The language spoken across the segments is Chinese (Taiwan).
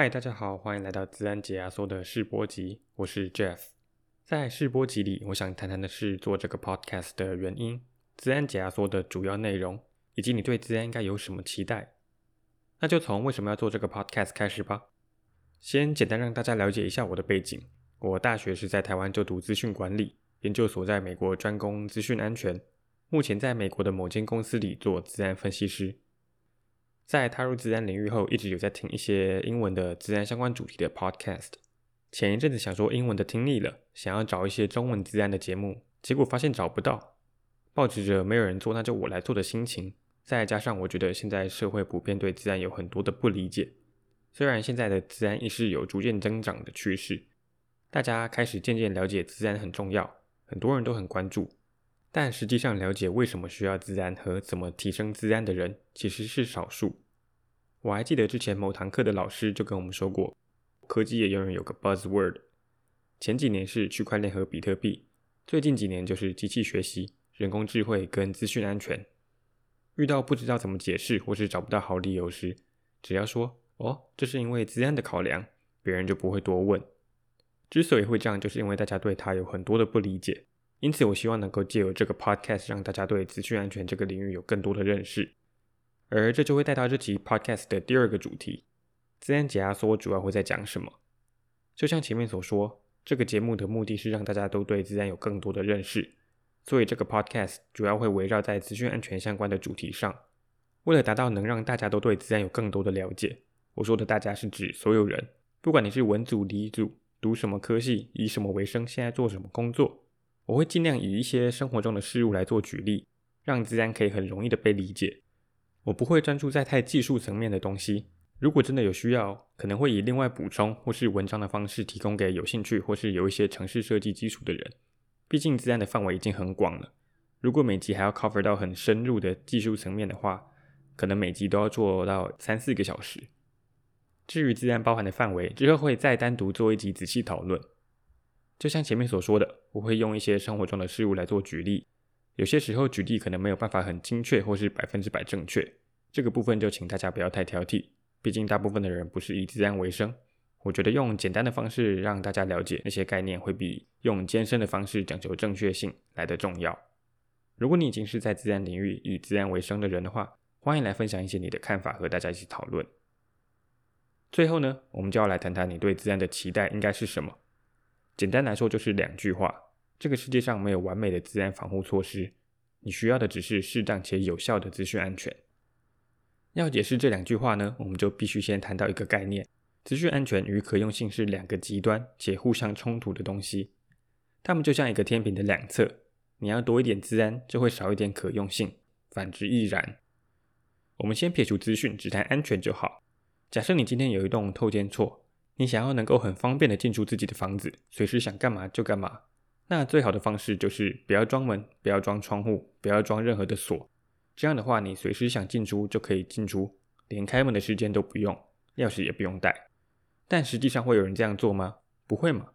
嗨，Hi, 大家好，歡迎來到《資安解壓縮》的試播集，我是 Jeff。在試播集裡，我想談談的是做這個 Podcast 的原因、資安解壓縮的主要內容，以及你對資安應該有什麼期待。那就從為什麼要做這個 Podcast 開始吧。先簡單讓大家了解一下我的背景：我大學是在台灣就讀資訊管理，研究所在美國專攻資訊安全，目前在美國的某間公司裡做資安分析師。在踏入資安領域後，一直有在聽一些英文的資安相關主題的 Podcast。前一陣子想說英文的聽膩了，想要找一些中文資安的節目，結果發現找不到。抱持著沒有人做，那就我來做的心情。再加上我覺得現在社會普遍對資安有很多的不理解，雖然現在的資安意識有逐漸增長的趨勢，大家開始漸漸了解資安很重要，很多人都很關注。但實際上，了解為什麼需要資安和怎麼提升資安的人其實是少數。我還記得之前某堂課的老師就跟我們說過，科技也永遠有個 buzz word，前幾年是區塊鏈和比特幣，最近幾年就是機器學習、人工智慧跟資訊安全。遇到不知道怎麼解釋或是找不到好理由時，只要說“哦，這是因為資安的考量”，別人就不會多問。之所以會這樣，就是因為大家對它有很多的不理解。因此，我希望能夠借由這個 podcast，讓大家對資訊安全這個領域有更多的認識。而這就會帶到這期 podcast 的第二個主題：資安解壓縮主要會在講什麼？就像前面所說，這個節目的目的是讓大家都對資安有更多的認識。所以，這個 podcast 主要會圍繞在資訊安全相關的主題上。為了達到能讓大家都對資安有更多的了解，我說的“大家”是指所有人，不管你是文組、理組，讀什麼科系，以什麼為生，現在做什麼工作。我會盡量以一些生活中的事物來做舉例，讓資安可以很容易地被理解。我不會專注在太技術層面的東西。如果真的有需要，可能會以另外補充或是文章的方式提供給有興趣或是有一些程式設計基礎的人。畢竟資安的範圍已經很廣了。如果每集還要 cover 到很深入的技術層面的話，可能每集都要做到三四個小時。至於資安包含的範圍，之後會再單獨做一集仔細討論。就像前面所說的，我會用一些生活中的事物來做舉例，有些時候舉例可能沒有辦法很精確或是百分之百正確，這個部分就請大家不要太挑剔，畢竟大部分的人不是以資安為生，我覺得用簡單的方式讓大家了解那些概念會比用艱深的方式講求正確性來得重要。如果你已經是在資安領域以資安為生的人的話，歡迎來分享一些你的看法，和大家一起討論。最後呢，我們就要來談談你對資安的期待應該是什麼。簡單來說就是兩句話：這個世界上沒有完美的資安防護措施，你需要的只是適當且有效的資訊安全。要解釋這兩句話呢，我們就必須先談到一個概念：資訊安全與可用性是兩個極端且互相衝突的東西，它們就像一個天平的兩側，你要多一點資安就會少一點可用性，反之亦然。我們先撇除資訊，只談安全就好。假設你今天有一棟透天厝你想要能夠很方便地進出自己的房子，隨時想幹嘛就幹嘛，那最好的方式就是不要裝門，不要裝窗戶，不要裝任何的鎖。這樣的話，你隨時想進出就可以進出，連開門的時間都不用，鑰匙也不用帶。但實際上會有人這樣做嗎？不會嘛，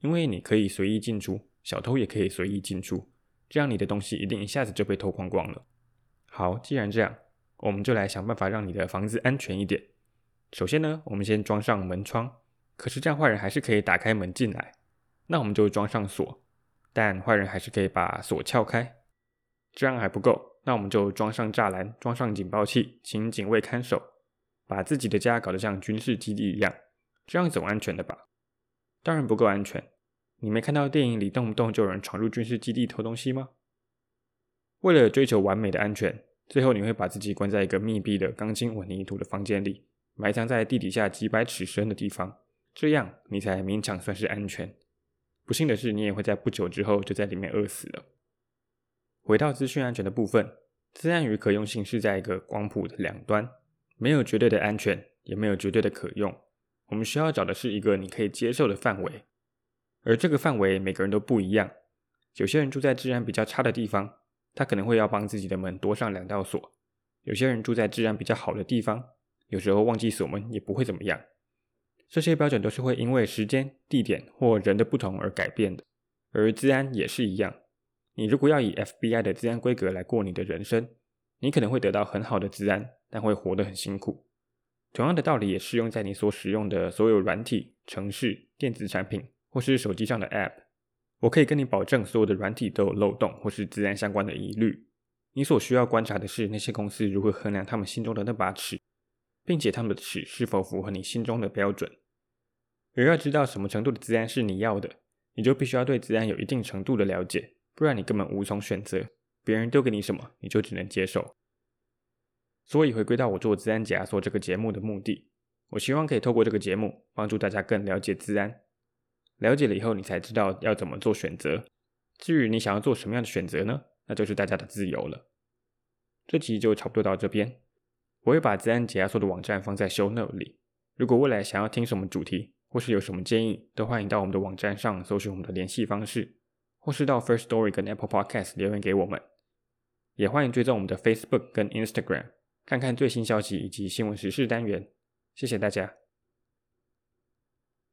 因為你可以隨意進出，小偷也可以隨意進出，這樣你的東西一定一下子就被偷光光了。好，既然這樣，我們就來想辦法讓你的房子安全一點。首先呢，我們先裝上門窗。可是這樣，壞人還是可以打開門進來。那我們就裝上鎖，但壞人還是可以把鎖撬開。這樣還不夠，那我們就裝上柵欄，裝上警報器，請警衛看守，把自己的家搞得像軍事基地一樣，這樣總安全的吧？當然不夠安全。你沒看到電影裡動不動就有人闖入軍事基地偷東西嗎？為了追求完美的安全，最後你會把自己關在一個密閉的鋼筋混凝土的房間裡，埋藏在地底下幾百尺深的地方。這樣你才勉強算是安全。不幸的是，你也會在不久之後就在裡面餓死了。回到資訊安全的部分，資安與可用性是在一個光譜的兩端，沒有絕對的安全，也沒有絕對的可用。我們需要找的是一個你可以接受的範圍，而這個範圍每個人都不一樣。有些人住在治安比較差的地方，他可能會要幫自己的門多上兩道鎖；有些人住在治安比較好的地方，有時候忘記鎖門也不會怎麼樣。這些標準都是會因為時間、地點或人的不同而改變的，而資安也是一樣。你如果要以 FBI 的資安規格來過你的人生，你可能會得到很好的資安，但會活得很辛苦。同樣的道理也適用在你所使用的所有軟體、程式、電子產品或是手機上的 App。我可以跟你保證，所有的軟體都有漏洞或是資安相關的疑慮。你所需要觀察的是那些公司如何衡量他們心中的那把尺。並且他們的尺是否符合你心中的標準？也要知道什麼程度的資安是你要的，你就必須要對資安有一定程度的了解，不然你根本無從選擇。別人丟給你什麼，你就只能接受。所以回歸到我做資安解壓縮這個節目的目的，我希望可以透過這個節目幫助大家更了解資安。了解了以後，你才知道要怎麼做選擇。至於你想要做什麼樣的選擇呢？那就是大家的自由了。這集就差不多到這邊。我會把資安解壓縮的網站放在 show note 裡。如果未來想要聽什麼主題，或是有什麼建議，都歡迎到我們的網站上搜尋我們的聯繫方式，或是到 First Story 跟 Apple Podcast 留言給我們。也歡迎追蹤我們的 Facebook 跟 Instagram，看看最新消息以及新聞時事單元。謝謝大家。